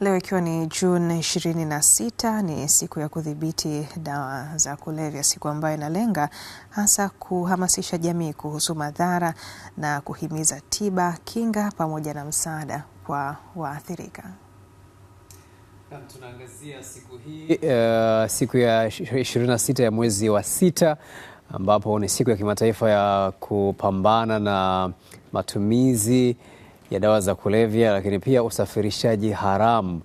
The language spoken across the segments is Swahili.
Leo ikiwa ni Juni 26 ni siku ya kudhibiti dawa za kulevya, siku ambayo inalenga hasa kuhamasisha jamii kuhusu madhara na kuhimiza tiba, kinga pamoja na msaada kwa waathirika. Tunaangazia siku hii uh, siku ya 26 ya mwezi wa sita ambapo ni siku ya kimataifa ya kupambana na matumizi ya dawa za kulevya, lakini pia usafirishaji haramu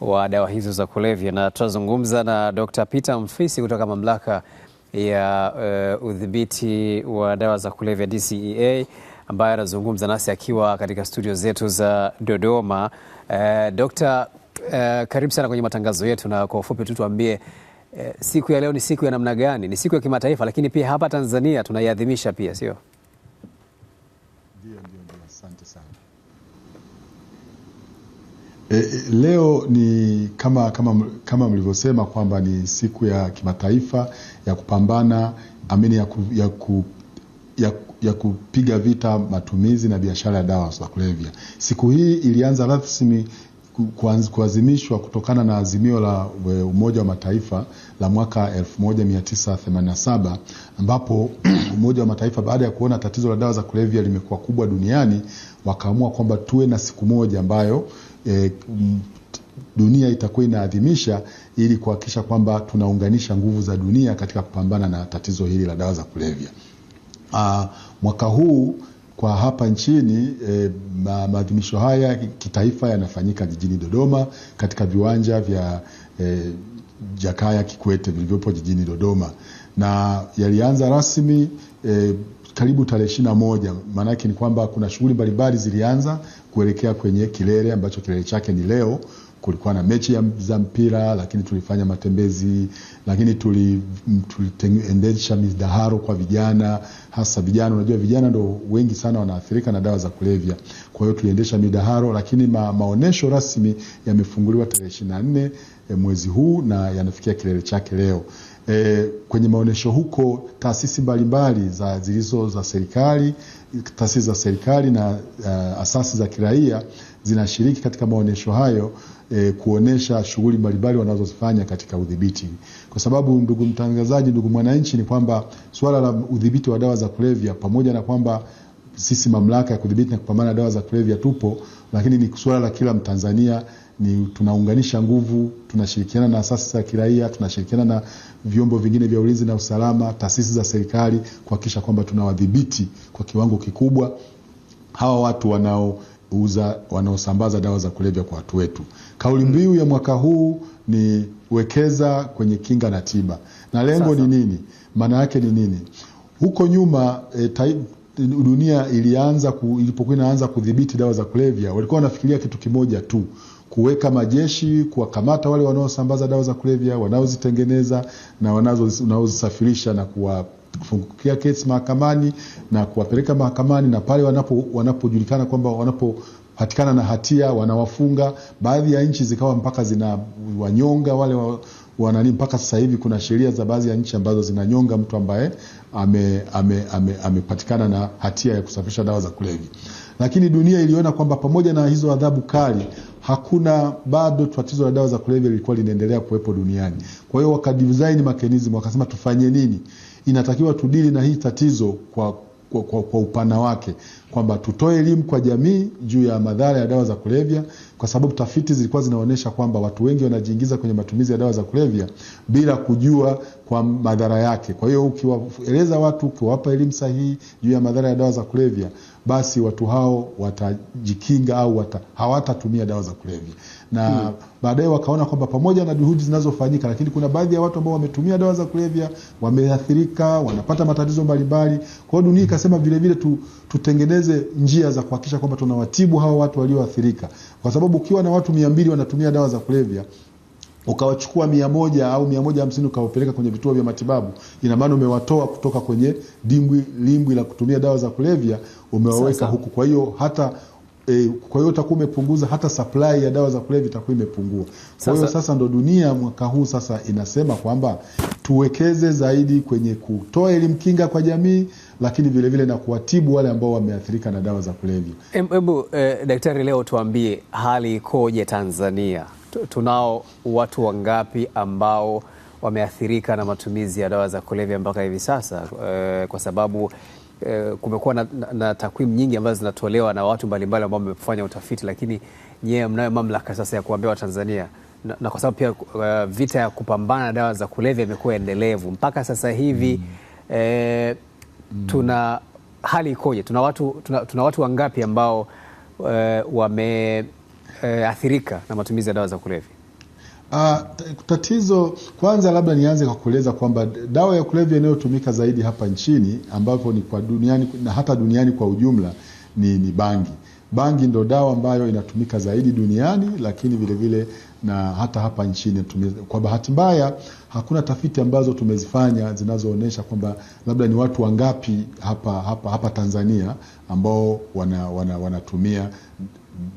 wa dawa hizo za kulevya. Na tutazungumza na Dr. Peter Mfisi kutoka mamlaka ya uh, udhibiti wa dawa za kulevya DCEA, ambaye anazungumza nasi akiwa katika studio zetu za Dodoma. Uh, Dr. uh, karibu sana kwenye matangazo yetu, na kwa ufupi tu tuambie uh, siku ya leo ni siku ya namna gani? Ni siku ya kimataifa, lakini pia hapa Tanzania tunaiadhimisha pia, sio? E, leo ni kama, kama, kama mlivyosema kwamba ni siku ya kimataifa ya kupambana amini ya, ku, ya, ku, ya, ya kupiga vita matumizi na biashara ya dawa za kulevya. Siku hii ilianza rasmi kuazimishwa kutokana na azimio la Umoja wa Mataifa la mwaka 1987 ambapo Umoja wa Mataifa baada ya kuona tatizo la dawa za kulevya limekuwa kubwa duniani wakaamua kwamba tuwe na siku moja ambayo e, dunia itakuwa inaadhimisha ili kuhakikisha kwamba tunaunganisha nguvu za dunia katika kupambana na tatizo hili la dawa za kulevya. Aa, ah, mwaka huu kwa hapa nchini e, maadhimisho haya kitaifa yanafanyika jijini Dodoma katika viwanja vya e, Jakaya Kikwete vilivyopo jijini Dodoma na yalianza rasmi e, karibu tarehe ishirini na moja. Maanake ni kwamba kuna shughuli mbalimbali zilianza kuelekea kwenye kilele ambacho kilele chake ni leo. Kulikuwa na mechi za mpira, lakini tulifanya matembezi, lakini tuliendesha tuli midaharo kwa vijana, hasa vijana. Unajua vijana ndo wengi sana wanaathirika na dawa za kulevya, kwa hiyo tuliendesha midaharo, lakini ma, maonyesho rasmi yamefunguliwa tarehe 24 eh, mwezi huu na yanafikia kilele chake leo. E, kwenye maonyesho huko taasisi mbalimbali za zilizo za serikali, taasisi za serikali na uh, asasi za kiraia zinashiriki katika maonyesho hayo e, kuonesha shughuli mbalimbali wanazozifanya katika udhibiti, kwa sababu ndugu mtangazaji, ndugu mwananchi, ni kwamba suala la udhibiti wa dawa za kulevya pamoja na kwamba sisi mamlaka ya kudhibiti na kupambana na dawa za kulevya tupo, lakini ni suala la kila Mtanzania ni tunaunganisha nguvu, tunashirikiana na asasi za kiraia, tunashirikiana na vyombo vingine vya ulinzi na usalama, taasisi za serikali kuhakikisha kwamba tunawadhibiti kwa kiwango kikubwa hawa watu wanaouza, wanaosambaza dawa za kulevya kwa watu wetu. Kauli mm. mbiu ya mwaka huu ni wekeza kwenye kinga na tiba, na lengo ni nini? Maana yake ni nini? Huko nyuma e, tai, dunia ilianza ku, ilipokuwa inaanza kudhibiti dawa za kulevya walikuwa wanafikiria kitu kimoja tu, kuweka majeshi kuwakamata wale wanaosambaza dawa za kulevya, wanaozitengeneza na wanaozisafirisha na kuwafungukia kesi mahakamani na kuwapeleka mahakamani, na pale wanapojulikana wanapo kwamba wanapo patikana na hatia wanawafunga. Baadhi ya nchi zikawa mpaka zina wanyonga wale wanani. Mpaka sasa hivi kuna sheria za baadhi ya nchi ambazo zinanyonga mtu ambaye amepatikana ame, ame na hatia ya kusafirisha dawa za kulevya. Lakini dunia iliona kwamba pamoja na hizo adhabu kali hakuna bado tatizo la dawa za kulevya lilikuwa linaendelea kuwepo duniani. Kwa hiyo wakadesign mechanism, wakasema tufanye nini, inatakiwa tudili na hii tatizo kwa, kwa, kwa, kwa upana wake, kwamba tutoe elimu kwa jamii juu ya madhara ya dawa za kulevya kwa sababu tafiti zilikuwa zinaonyesha kwamba watu wengi wanajiingiza kwenye matumizi ya dawa za kulevya bila kujua kwa madhara yake. Kwa hiyo ukiwaeleza watu, ukiwapa elimu sahihi juu ya madhara ya dawa za kulevya, basi watu hao watajikinga au wata, hawatatumia dawa za kulevya na hmm. Baadaye wakaona kwamba pamoja na juhudi zinazofanyika, lakini kuna baadhi ya watu ambao wametumia dawa za kulevya wameathirika, wanapata matatizo mbalimbali. Kwa hiyo dunia ikasema vilevile tu, tutengeneze njia za kuhakikisha kwamba tunawatibu hawa watu walioathirika kwa sababu ukiwa na watu mia mbili wanatumia dawa za kulevya ukawachukua mia moja au mia moja hamsini ukawapeleka kwenye vituo vya matibabu, ina maana umewatoa kutoka kwenye dimbwi limbwi la kutumia dawa za kulevya, umewaweka huku. Kwa hiyo hata E, kwa hiyo utakuwa umepunguza hata supply ya dawa za kulevya itakuwa imepungua. Kwa hiyo sasa ndo dunia mwaka huu sasa inasema kwamba tuwekeze zaidi kwenye kutoa elimu kinga kwa jamii lakini vilevile na kuwatibu wale ambao wameathirika na dawa za kulevya. Hebu eh, daktari, leo tuambie hali ikoje Tanzania? Tunao watu wangapi ambao wameathirika na matumizi ya dawa za kulevya mpaka hivi sasa eh, kwa sababu eh, kumekuwa na, na, na takwimu nyingi ambazo zinatolewa na watu mbalimbali ambao wamefanya utafiti, lakini nyewe mnayo mamlaka sasa ya kuambia Watanzania na, na kwa sababu pia uh, vita ya kupambana na dawa za kulevya imekuwa endelevu mpaka sasa hivi mm. eh, Mm. tuna hali ikoje? Tuna watu, tuna, tuna watu wangapi ambao uh, eh, wameathirika eh, uh, na matumizi ya dawa za kulevya? Uh, tatizo kwanza, labda nianze kwa kueleza kwamba dawa ya kulevya inayotumika zaidi hapa nchini ambapo ni kwa duniani na hata duniani kwa ujumla ni, ni bangi Bangi ndo dawa ambayo inatumika zaidi duniani, lakini vilevile vile na hata hapa nchini. Kwa bahati mbaya, hakuna tafiti ambazo tumezifanya zinazoonyesha kwamba labda ni watu wangapi hapa, hapa, hapa Tanzania ambao wana, wana, wanatumia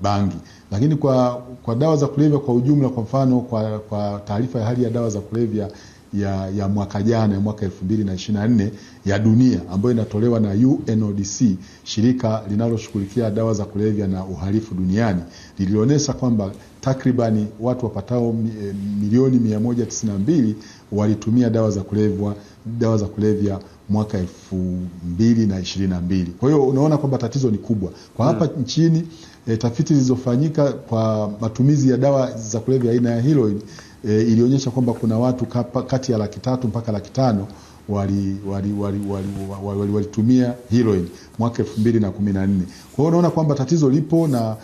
bangi. Lakini kwa, kwa dawa za kulevya kwa ujumla, kwa mfano kwa, kwa taarifa ya hali ya dawa za kulevya ya, ya mwaka jana ya mwaka 2024 ya dunia ambayo inatolewa na UNODC, shirika linaloshughulikia dawa za kulevya na uhalifu duniani, lilionyesha kwamba takribani watu wapatao eh, milioni 192 walitumia dawa za kulevya dawa za kulevya mwaka 2022. Kwa hiyo unaona kwamba tatizo ni kubwa kwa hapa hmm, nchini e, tafiti zilizofanyika kwa matumizi ya dawa za kulevya aina ya heroin e, ilionyesha kwamba kuna watu kapa, kati ya laki tatu mpaka laki tano walitumia wali, wali, wali, wali, wali, wali heroin mwaka elfu mbili na kumi na nne. Kwa hiyo unaona kwamba tatizo lipo na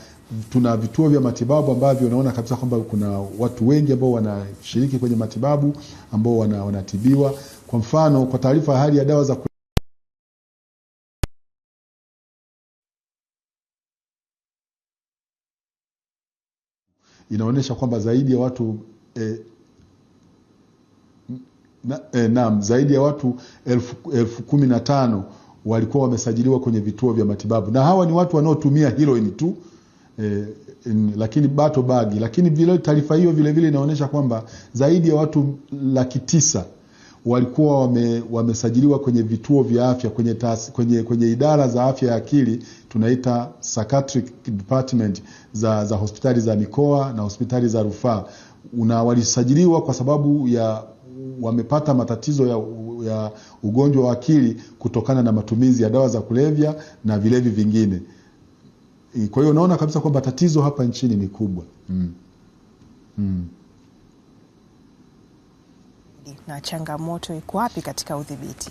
tuna vituo vya matibabu ambavyo unaona kabisa kwamba kuna watu wengi ambao wanashiriki kwenye matibabu ambao wanatibiwa. Kwa mfano, kwa taarifa ya hali ya dawa za inaonyesha kwamba zaidi ya watu eh, na, eh, zaidi ya watu elfu, elfu kumi na tano walikuwa wamesajiliwa kwenye vituo vya matibabu na hawa ni watu wanaotumia heroin tu eh, in, lakini bato bagi. Lakini vile taarifa hiyo vilevile inaonyesha kwamba zaidi ya watu laki tisa walikuwa wame, wamesajiliwa kwenye vituo vya afya kwenye, tas, kwenye, kwenye idara za afya ya akili tunaita psychiatric department za, za hospitali za mikoa na hospitali za rufaa una walisajiliwa kwa sababu ya wamepata matatizo ya, ya ugonjwa wa akili kutokana na matumizi ya dawa za kulevya na vilevi vingine. Kwa hiyo unaona kabisa kwamba tatizo hapa nchini ni kubwa mm. Mm. Na changamoto iko wapi katika udhibiti?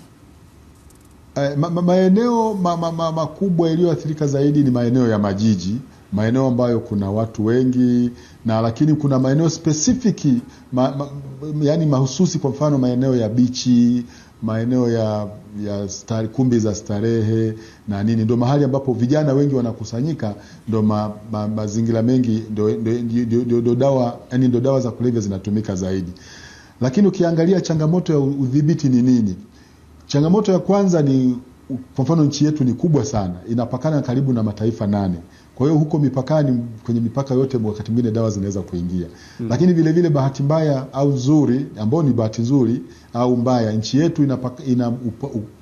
Eh, ma, ma, maeneo makubwa ma, ma, yaliyoathirika zaidi ni maeneo ya majiji maeneo ambayo kuna watu wengi na lakini kuna maeneo specific ma, ma, yani mahususi, kwa mfano maeneo ya bichi, maeneo ya, ya star, kumbi za starehe na nini, ndio mahali ambapo vijana wengi wanakusanyika, ndo ma, ma, mazingira mengi ndo dawa yani ndo dawa za kulevya zinatumika zaidi. Lakini ukiangalia changamoto ya udhibiti ni nini? Changamoto ya kwanza ni kwa mfano nchi yetu ni kubwa sana, inapakana karibu na mataifa nane. Kwa hiyo huko mipakani, kwenye mipaka yote, wakati mwingine dawa zinaweza kuingia mm. Lakini vile vile bahati mbaya au nzuri, ambayo ni bahati nzuri au mbaya, nchi yetu ina, ina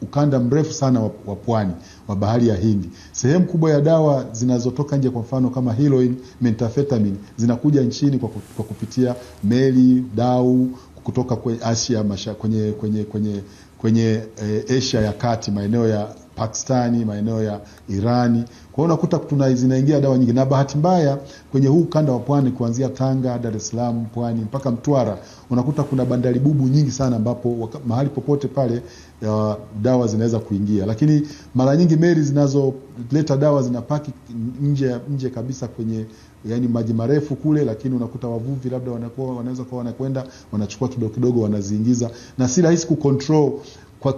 ukanda mrefu sana wa pwani wa bahari ya Hindi. Sehemu kubwa ya dawa zinazotoka nje, kwa mfano kama heroin, methamphetamine, zinakuja nchini kwa, kwa kupitia meli, dau kutoka kwe Asia, masha, kwenye kwenye, kwenye, kwenye eh, Asia ya kati maeneo ya Pakistani, maeneo ya Irani. Kwa hiyo unakuta kuna zinaingia dawa nyingi, na bahati mbaya kwenye huu ukanda wa pwani kuanzia Tanga, Dar es Salaam, Pwani mpaka Mtwara, unakuta kuna bandari bubu nyingi sana, ambapo mahali popote pale uh, dawa zinaweza kuingia, lakini mara nyingi meli zinazoleta dawa zinapaki nje nje kabisa kwenye yani maji marefu kule, lakini unakuta wavuvi labda wanakuwa wanaweza kuwa wanakwenda wanachukua kidogo kidogo wanaziingiza, na si rahisi kucontrol kwa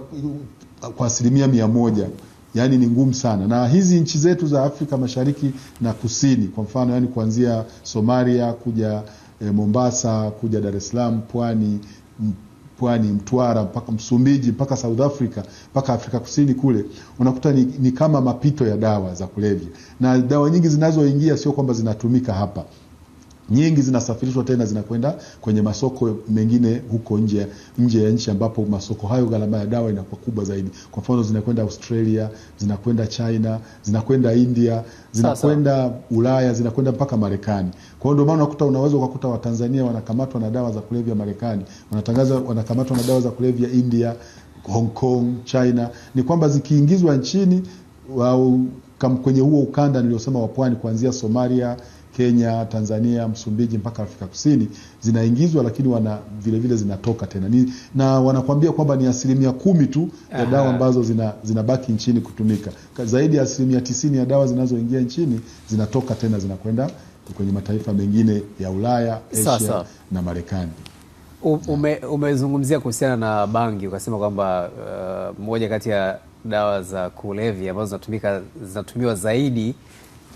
kwa asilimia mia moja yaani ni ngumu sana, na hizi nchi zetu za Afrika Mashariki na Kusini kwa mfano, yani kuanzia Somalia kuja e, Mombasa kuja Dar es Salaam, pwani pwani Mtwara mpaka Msumbiji mpaka South Africa mpaka Afrika Kusini kule, unakuta ni, ni kama mapito ya dawa za kulevya, na dawa nyingi zinazoingia sio kwamba zinatumika hapa nyingi zinasafirishwa tena zinakwenda kwenye masoko mengine huko nje nje ya nchi, ambapo masoko hayo gharama ya dawa inakuwa kubwa zaidi. Kwa mfano, zinakwenda Australia, zinakwenda China, zinakwenda India, zinakwenda Ulaya, zinakwenda mpaka Marekani. Kwa hiyo ndio maana unakuta unaweza ukakuta Watanzania wanakamatwa na dawa za kulevya Marekani, wanatangaza wanakamatwa na dawa za kulevya India, Hong Kong, China. Ni kwamba zikiingizwa nchini au kwenye huo ukanda niliosema wa pwani kuanzia Somalia Kenya, Tanzania, Msumbiji mpaka Afrika Kusini zinaingizwa, lakini wana vile vile zinatoka tena ni, na wanakuambia kwamba ni asilimia kumi tu ya dawa ambazo zinabaki nchini kutumika. Zaidi ya asilimia tisini ya dawa zinazoingia nchini zinatoka tena zinakwenda kwenye mataifa mengine ya Ulaya, Asia sa. na Marekani. Ume, umezungumzia kuhusiana na bangi ukasema kwamba uh, moja kati ya dawa za kulevya ambazo zinatumika zinatumiwa zaidi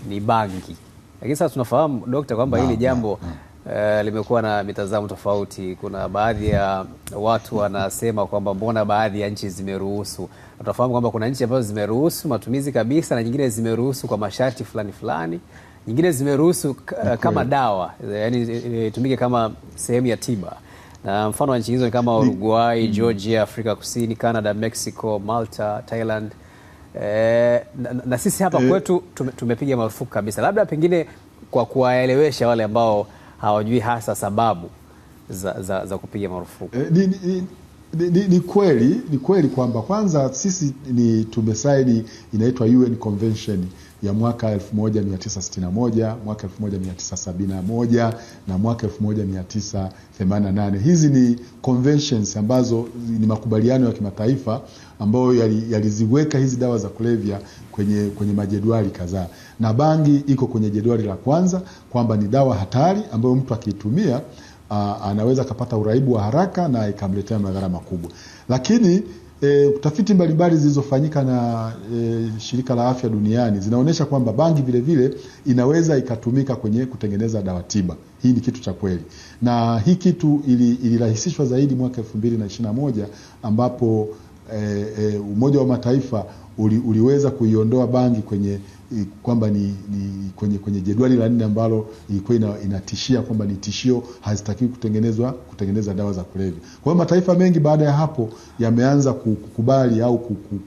ni bangi. Lakini sasa tunafahamu dokta, kwamba hili jambo Uh, limekuwa na mitazamo tofauti. Kuna baadhi ya watu wanasema kwamba mbona baadhi ya nchi zimeruhusu. Tunafahamu kwamba kuna nchi ambazo zimeruhusu matumizi kabisa, na nyingine zimeruhusu kwa masharti fulani fulani, nyingine zimeruhusu eh, kama dawa, yani eh, itumike kama sehemu ya tiba, na mfano wa nchi hizo ni kama Uruguay, mm. Georgia, Afrika Kusini, Canada, Mexico, Malta, Thailand e, na, na sisi hapa eh. kwetu tumepiga marufuku kabisa, labda pengine kwa kuwaelewesha wale ambao hawajui hasa sababu za, za, za kupiga marufuku e, ni, ni, ni, ni, ni kweli ni kweli kwamba kwanza sisi ni tumesaini inaitwa UN Convention ya mwaka 1961, mwaka 1971 na mwaka 1988. Hizi ni conventions ambazo ni makubaliano ya kimataifa ambayo yaliziweka yali hizi dawa za kulevya kwenye, kwenye majedwali kadhaa, na bangi iko kwenye jedwali la kwanza kwamba ni dawa hatari ambayo mtu akiitumia anaweza akapata uraibu wa haraka na ikamletea madhara makubwa, lakini E, eh, tafiti mbalimbali zilizofanyika na e, shirika la afya duniani zinaonyesha kwamba bangi vile vile inaweza ikatumika kwenye kutengeneza dawa tiba. Hii ni kitu cha kweli, na hii kitu ilirahisishwa ili zaidi mwaka 2021 ambapo e, e, Umoja wa Mataifa uli, uliweza kuiondoa bangi kwenye kwamba ni, ni kwenye, kwenye jedwali la nne ambalo ilikuwa ina, inatishia kwamba ni tishio, hazitakiwi kutengenezwa kutengeneza dawa za kulevya. Kwa hiyo mataifa mengi baada ya hapo yameanza kukubali au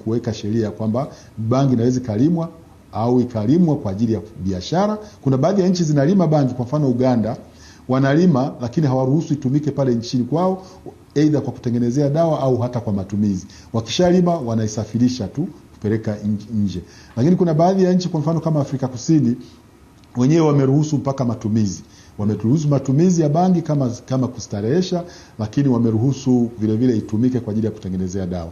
kuweka sheria kwamba bangi inaweza ikalimwa au ikalimwa kwa ajili ya biashara. Kuna baadhi ya nchi zinalima bangi, kwa mfano Uganda wanalima lakini hawaruhusu itumike pale nchini kwao, aidha kwa kutengenezea dawa au hata kwa matumizi. Wakishalima wanaisafirisha tu kupeleka nje. Lakini kuna baadhi ya nchi, kwa mfano kama Afrika Kusini, wenyewe wameruhusu mpaka matumizi wameruhusu matumizi ya bangi kama, kama kustarehesha, lakini wameruhusu vilevile itumike kwa ajili ya kutengenezea dawa.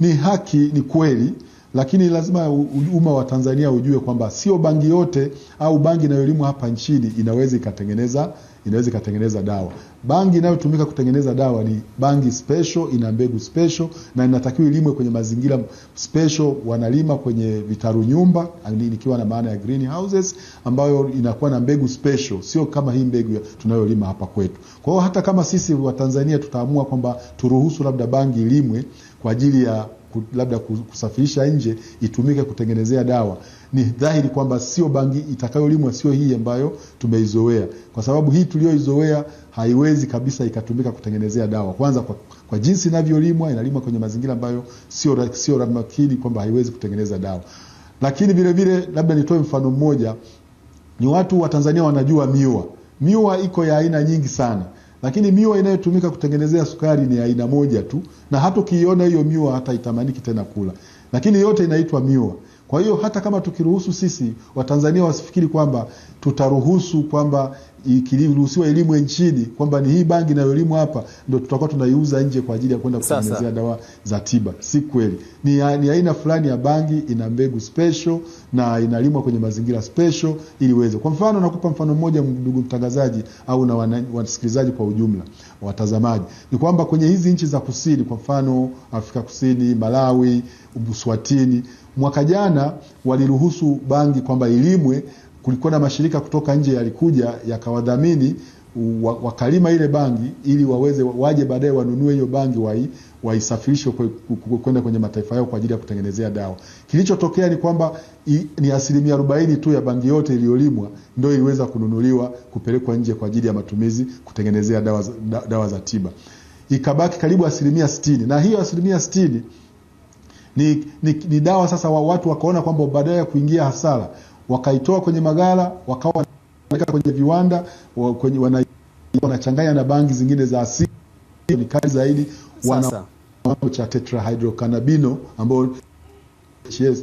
Ni haki, ni kweli, lakini lazima umma wa Tanzania ujue kwamba sio bangi yote au bangi inayolimwa hapa nchini inaweza ikatengeneza inaweza ikatengeneza dawa. Bangi inayotumika kutengeneza dawa ni bangi special, ina mbegu special na inatakiwa ilimwe kwenye mazingira special, wanalima kwenye vitaru nyumba, nikiwa na maana ya greenhouses, ambayo inakuwa na mbegu special, sio kama hii mbegu tunayolima hapa kwetu. Kwa hiyo hata kama sisi Watanzania tutaamua kwamba turuhusu labda bangi ilimwe kwa ajili ya labda kusafirisha nje itumike kutengenezea dawa, ni dhahiri kwamba sio bangi itakayolimwa, sio hii ambayo tumeizoea, kwa sababu hii tuliyoizoea haiwezi kabisa ikatumika kutengenezea dawa. Kwanza kwa, kwa jinsi inavyolimwa, inalimwa kwenye mazingira ambayo sio sio rafiki kwamba haiwezi kutengeneza dawa. Lakini vile vile labda nitoe mfano mmoja, ni watu wa Tanzania wanajua miwa. Miwa iko ya aina nyingi sana lakini miwa inayotumika kutengenezea sukari ni aina moja tu, na hata ukiiona hiyo miwa hata itamaniki tena kula, lakini yote inaitwa miwa. Kwa hiyo hata kama tukiruhusu sisi Watanzania wasifikiri kwamba tutaruhusu kwamba ikiliruhusiwa elimu nchini kwamba ni hii bangi inayolimwa hapa ndo tutakuwa tunaiuza nje kwa ajili ya kwenda kutengenezea dawa za tiba. Si kweli. Ni, ni aina fulani ya bangi ina mbegu special na inalimwa kwenye mazingira special ili iweze. Kwa mfano, nakupa mfano mmoja, ndugu mtangazaji, au na wasikilizaji kwa ujumla, watazamaji, ni kwamba kwenye hizi nchi za kusini, kwa mfano Afrika Kusini, Malawi, Buswatini, mwaka jana waliruhusu bangi kwamba ilimwe kulikuwa na mashirika kutoka nje yalikuja yakawadhamini wakalima ile bangi ili waweze waje baadaye wanunue hiyo bangi wai, waisafirishe kwenda kwenye mataifa yao kwa ajili ya kutengenezea dawa. Kilichotokea ni kwamba ni asilimia arobaini tu ya bangi yote iliyolimwa ndio iliweza kununuliwa kupelekwa nje kwa ajili ya matumizi kutengenezea dawa, da, dawa za tiba. Ikabaki karibu asilimia sitini na hiyo asilimia sitini ni, ni, ni dawa sasa wa watu wakaona kwamba baadaye ya kuingia hasara wakaitoa kwenye magala wakawa kwenye viwanda kwenye, wana, wanachanganya na bangi zingine za asili ni kali zaidi, wana cha tetrahydrocannabino ambao yes,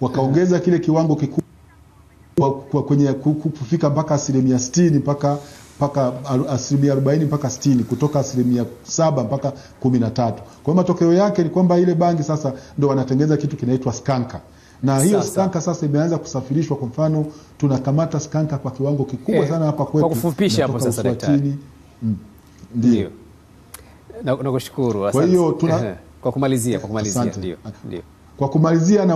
wakaongeza eh. kile kiwango kikubwa kwenye kufika mpaka asilimia sitini mpaka mpaka asilimia arobaini mpaka sitini kutoka asilimia saba mpaka kumi na tatu. Kwa hiyo matokeo yake ni kwamba ile bangi sasa ndo wanatengeneza kitu kinaitwa skanka na hiyo sasa, skanka sasa imeanza kusafirishwa. Kwa mfano tunakamata skanka kwa kiwango kikubwa eh, sana hapa kwetu. Kwa kufupisha hapo sasa, daktari, mm. ndio nakushukuru. Kwa hiyo tuna kwa kumalizia, kwa kumalizia ndio ndio. Kwa kumalizia,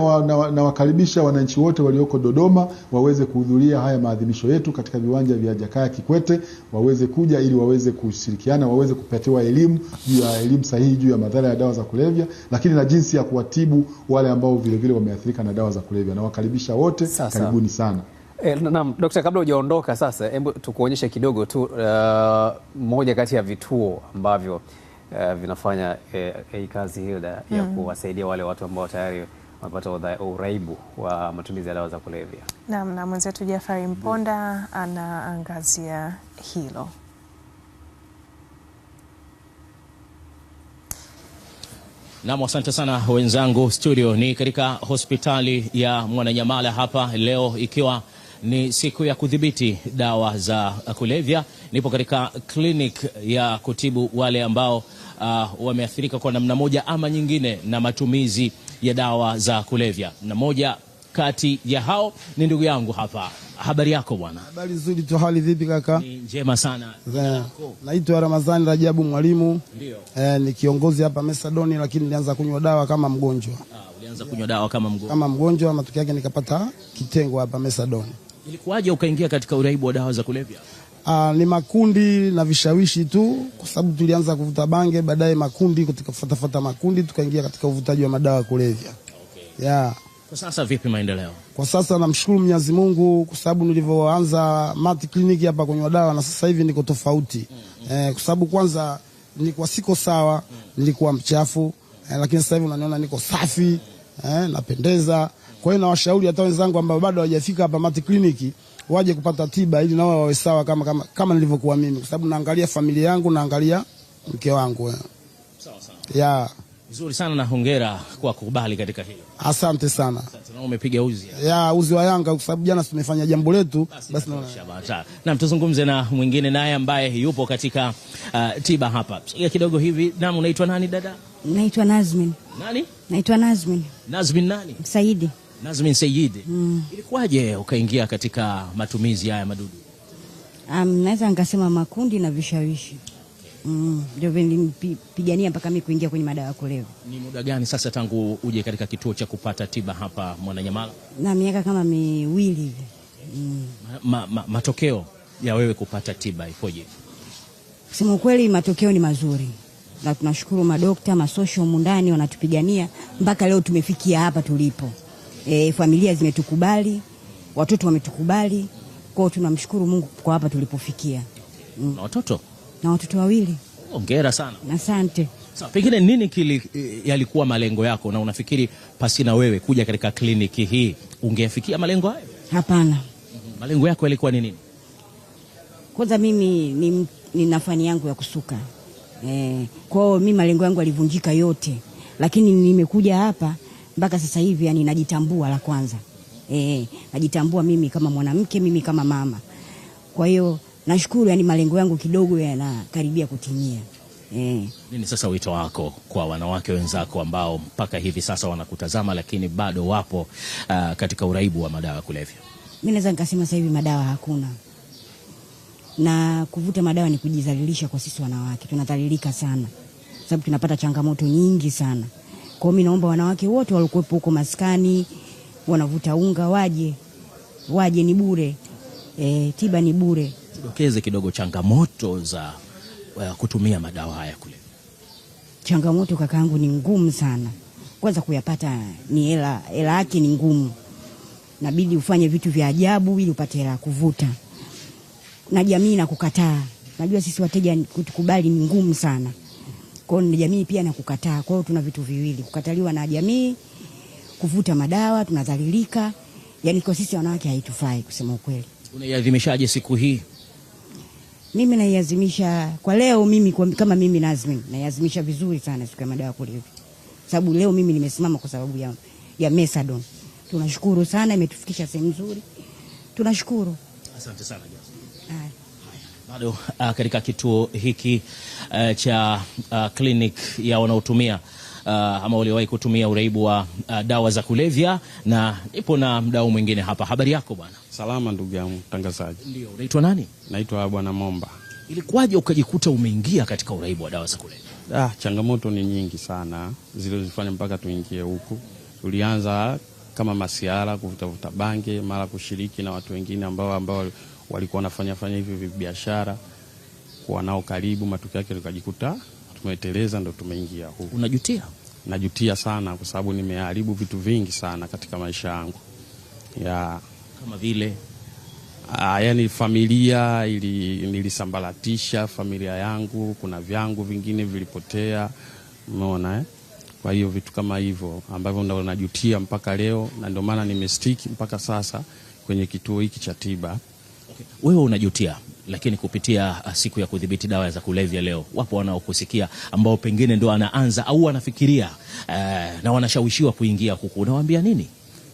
nawakaribisha wa, na, na wananchi wote walioko Dodoma waweze kuhudhuria haya maadhimisho yetu katika viwanja vya Jakaya Kikwete, waweze kuja ili waweze kushirikiana, waweze kupatiwa elimu juu ya elimu sahihi juu ya madhara ya dawa za kulevya, lakini na jinsi ya kuwatibu wale ambao vilevile wameathirika na dawa za kulevya. Nawakaribisha wote, karibuni sana. E, naam Dokta, kabla hujaondoka sasa, hebu tukuonyeshe kidogo tu uh, moja kati ya vituo ambavyo uh, vinafanya eh, kazi hiyo ya mm. kuwasaidia wale watu ambao tayari wamepata uraibu wa matumizi ya dawa za kulevya. Naam, na mwenzetu Jafari mm-hmm. Mponda anaangazia hilo. Nam, asante sana wenzangu studio. Ni katika hospitali ya Mwananyamala hapa leo ikiwa ni siku ya kudhibiti dawa za kulevya. Nipo katika klinik ya kutibu wale ambao uh, wameathirika kwa namna moja ama nyingine na matumizi ya dawa za kulevya, na moja kati ya hao ni ndugu yangu hapa. Habari yako bwana? Habari nzuri tu. Hali vipi kaka? Ni njema sana. Eh, naitwa Ramadhani Rajabu Mwalimu. Ndio. Eh, ni kiongozi hapa Mesadoni, lakini nilianza kunywa dawa kama mgonjwa. Ah, ulianza kunywa dawa kama mgonjwa? Kama mgonjwa, matokeo yake nikapata kitengo hapa Mesadoni. Ilikuwaje ukaingia katika uraibu wa dawa za kulevya? Aa, ah, ni makundi na vishawishi tu, kwa sababu tulianza kuvuta bange, baadaye makundi, katika makundi tukaingia katika uvutaji wa madawa ya kulevya. Okay. Yeah. Kwa sasa vipi maendeleo? Kwa sasa namshukuru Mwenyezi Mungu kwa sababu nilivyoanza mat kliniki hapa kunywa dawa na sasa hivi niko tofauti. Mm -hmm. Eh, kwa sababu kwanza nilikuwa siko sawa, mm. nilikuwa mchafu, eh, lakini sasa hivi unaniona niko safi, eh, napendeza. Kwa hiyo nawashauri hata wenzangu ambao bado hawajafika hapa Mati Clinic waje kupata tiba ili nao wawe sawa kama, kama, kama nilivyokuwa mimi, kwa sababu naangalia familia yangu, naangalia mke wangu. Eh. Sawa sawa. Ya. Vizuri sana na hongera kwa kukubali katika hilo. Asante sana. Sasa na umepiga uzi. Ya ya uzi wa Yanga kwa sababu jana tumefanya jambo letu basi na na mtuzungumze na mwingine naye ambaye yupo katika uh, tiba hapa. Sogea kidogo hivi. Naam, unaitwa nani dada? Naitwa Nazmin. Nani? Naitwa Nazmin. Nazmin nani? Saidi. Nazmin Seyid, mm. Ilikuwaje ukaingia katika matumizi haya madudu? Um, naweza nikasema makundi na vishawishi mm, ndio mm, vinipigania mpaka mimi kuingia kwenye madawa ya kulevya. Ni muda gani sasa tangu uje katika kituo cha kupata tiba hapa Mwananyamala? Na miaka kama miwili hivi mm. ma, ma, matokeo ya wewe kupata tiba ipoje? Kusema ukweli, matokeo ni mazuri na tunashukuru madokta masosho mundani wanatupigania mpaka leo tumefikia hapa tulipo e, familia zimetukubali, watoto wametukubali. Kwao tunamshukuru Mungu kwa hapa tulipofikia. Mm. Na watoto na watoto wawili. Hongera sana. Asante. Sasa pengine nini kili, e, yalikuwa malengo yako na unafikiri pasina wewe kuja katika kliniki hii ungeafikia malengo hayo? Hapana. Mm-hmm. Malengo yako yalikuwa ni nini? Kwanza mimi ni, nina fani yangu ya kusuka. Eh, kwao mimi malengo yangu yalivunjika yote. Lakini nimekuja hapa mpaka sasa hivi yani najitambua la kwanza e, najitambua mimi kama mwanamke, mimi kama mama. Kwa hiyo nashukuru yani malengo yangu kidogo yanakaribia kutimia. E. Nini sasa wito wako kwa wanawake wenzako ambao mpaka hivi sasa wanakutazama lakini bado wapo uh, katika uraibu wa madawa ya kulevya? Mimi naweza nikasema sasa hivi madawa hakuna, na kuvuta madawa ni kujidhalilisha. Kwa sisi wanawake tunadhalilika sana, sababu tunapata changamoto nyingi sana. Kwa hiyo naomba wanawake wote walikuwepo huko maskani wanavuta unga waje, waje ni bure e, tiba ni bure. Tudokeze kidogo changamoto za uh, kutumia madawa haya kule. Changamoto kakaangu, ni ngumu sana. Kwanza kuyapata ni hela, hela yake ni ngumu, nabidi ufanye vitu vya ajabu ili upate hela kuvuta, na jamii na kukataa. Najua sisi wateja kutukubali ni ngumu sana. Kwa hiyo jamii pia na kukataa. Kwa hiyo tuna vitu viwili, kukataliwa na jamii, kuvuta madawa, tunadhalilika. Yaani kwa sisi wanawake haitufai kusema ukweli. Unaiadhimishaje siku hii? Mimi naiazimisha kwa leo, mimi kwa, kama mimi Nazmin naiazimisha vizuri sana siku ya madawa kulevya, sababu leo mimi nimesimama kwa sababu ya, ya Methadone. Tunashukuru sana, imetufikisha sehemu nzuri, tunashukuru. Asante sana bado uh, katika kituo hiki uh, cha uh, clinic ya wanaotumia uh, ama waliowahi kutumia uraibu wa uh, dawa za kulevya, na nipo na mdau mwingine hapa. Habari yako bwana? Salama ndugu yangu mtangazaji. Ndio, unaitwa nani? Naitwa bwana Momba. Ilikuwaje ukajikuta umeingia katika uraibu wa dawa za kulevya? Ah, changamoto ni nyingi sana zilizofanya mpaka tuingie huku. Tulianza kama masiara, kuvutavuta bange, mara kushiriki na watu wengine ambao ambao walikuwa wanafanya fanya hivyo biashara kuwa nao karibu, matukio yake tukajikuta tumeteleza, ndo tumeingia huko. Unajutia? Najutia sana kwa sababu nimeharibu vitu vingi sana katika maisha yangu ya kama vile Aa, ah, yani familia ili, nilisambaratisha familia yangu, kuna vyangu vingine vilipotea, umeona eh? Kwa hiyo vitu kama hivyo ambavyo ndo najutia mpaka leo, na ndio maana nimestiki mpaka sasa kwenye kituo hiki cha tiba. Okay. Wewe unajutia lakini kupitia uh, siku ya kudhibiti dawa za kulevya leo, wapo wanaokusikia ambao pengine ndo anaanza au wanafikiria eh, na wanashawishiwa kuingia huku, unawaambia nini?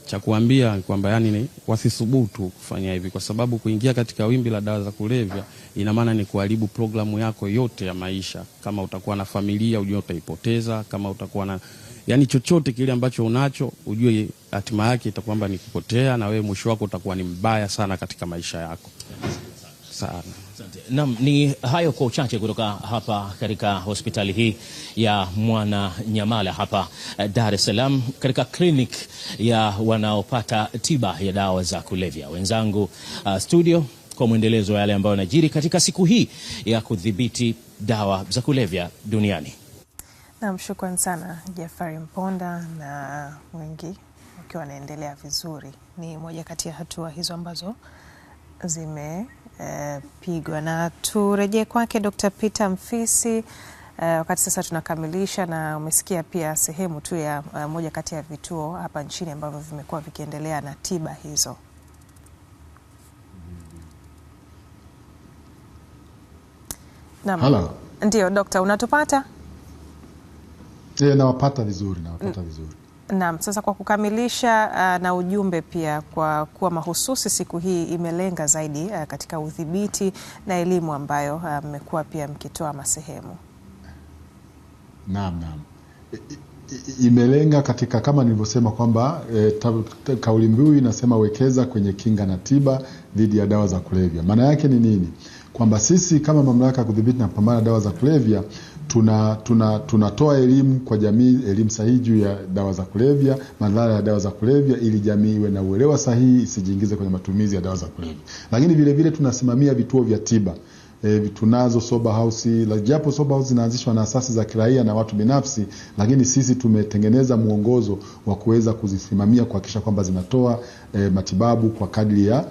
Cha kuambia kwamba yani wasithubutu kufanya hivi, kwa sababu kuingia katika wimbi la dawa za kulevya ina maana ni kuharibu programu yako yote ya maisha. Kama utakuwa na familia, ujue utaipoteza. Kama utakuwa na yani chochote kile ambacho unacho ujue hatima yake itakwamba ni kupotea, na wewe mwisho wako utakuwa ni mbaya sana katika maisha yako sana. Naam, ni hayo kwa uchache kutoka hapa katika hospitali hii ya mwana nyamala hapa eh, Dar es Salaam, katika clinic ya wanaopata tiba ya dawa za kulevya. Wenzangu uh, studio kwa mwendelezo wa yale ambayo yanajiri katika siku hii ya kudhibiti dawa za kulevya duniani. Naam, shukran sana Jafari Mponda na wengi wakiwa wanaendelea vizuri. Ni moja kati ya hatua hizo ambazo zimepigwa e, na turejee kwake Dr. Peter Mfisi e, wakati sasa tunakamilisha, na umesikia pia sehemu tu ya e, moja kati ya vituo hapa nchini ambavyo vimekuwa vikiendelea na tiba hizo. Naam, ndio Dokta, unatupata? E, nawapata vizuri, nawapata mm. vizuri. Naam, sasa kwa kukamilisha uh, na ujumbe pia kwa kuwa mahususi siku hii imelenga zaidi uh, katika udhibiti na elimu ambayo ah, mmekuwa uh, pia mkitoa masehemu. Naam, naam. imelenga katika kama nilivyosema kwamba e, kauli mbiu inasema wekeza kwenye kinga na tiba dhidi ya dawa za kulevya. Maana yake ni nini? Kwamba sisi kama mamlaka ya kudhibiti na kupambana na dawa za kulevya tuna tuna tunatoa elimu kwa jamii, elimu sahihi juu ya dawa za kulevya, madhara ya dawa za kulevya, ili jamii iwe na uelewa sahihi, isijiingize kwenye matumizi ya dawa za kulevya. Lakini vile vile tunasimamia vituo vya tiba. E, tunazo sober house, japo sober house zinaanzishwa na asasi za kiraia na watu binafsi, lakini sisi tumetengeneza mwongozo wa kuweza kuzisimamia kuhakikisha kwamba zinatoa e, matibabu kwa kadri ya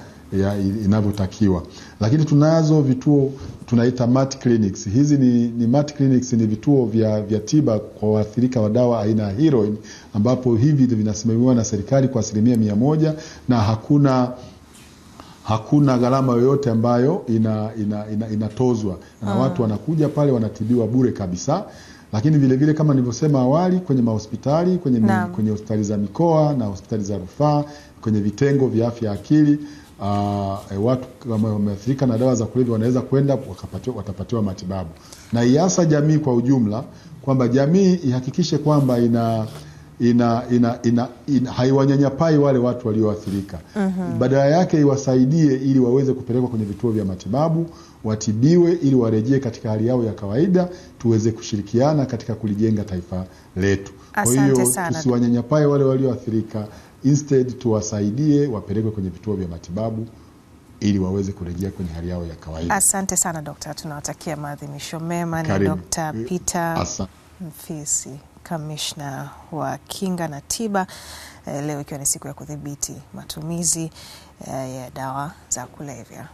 inavyotakiwa. Lakini tunazo vituo tunaita mat clinics. Hizi ni, ni mat clinics ni vituo vya, vya tiba kwa waathirika wa dawa aina ya heroin, ambapo hivi vinasimamiwa na serikali kwa asilimia mia moja na hakuna hakuna gharama yoyote ambayo inatozwa ina, ina, ina na ah. watu wanakuja pale wanatibiwa bure kabisa. Lakini vilevile vile kama nilivyosema awali, kwenye mahospitali kwenye, kwenye hospitali za mikoa na hospitali za rufaa kwenye vitengo vya afya akili uh, e, watu kama wameathirika na dawa za kulevya wanaweza kwenda watapatiwa matibabu, na iasa jamii kwa ujumla kwamba jamii ihakikishe kwamba ina ina, ina, ina, ina haiwanyanyapai wale watu walioathirika. uh -huh. Badala yake iwasaidie ili waweze kupelekwa kwenye vituo vya matibabu watibiwe, ili warejee katika hali yao ya kawaida, tuweze kushirikiana katika kulijenga taifa letu. Kwa hiyo tusiwanyanyapae wale walioathirika instead tuwasaidie wapelekwe kwenye vituo vya matibabu ili waweze kurejea kwenye hali yao ya kawaida. Asante sana Dokta, tunawatakia maadhimisho mema. Ni Dokta Peter Mfisi, kamishna wa kinga na tiba. Eh, leo ikiwa ni siku ya kudhibiti matumizi eh, ya dawa za kulevya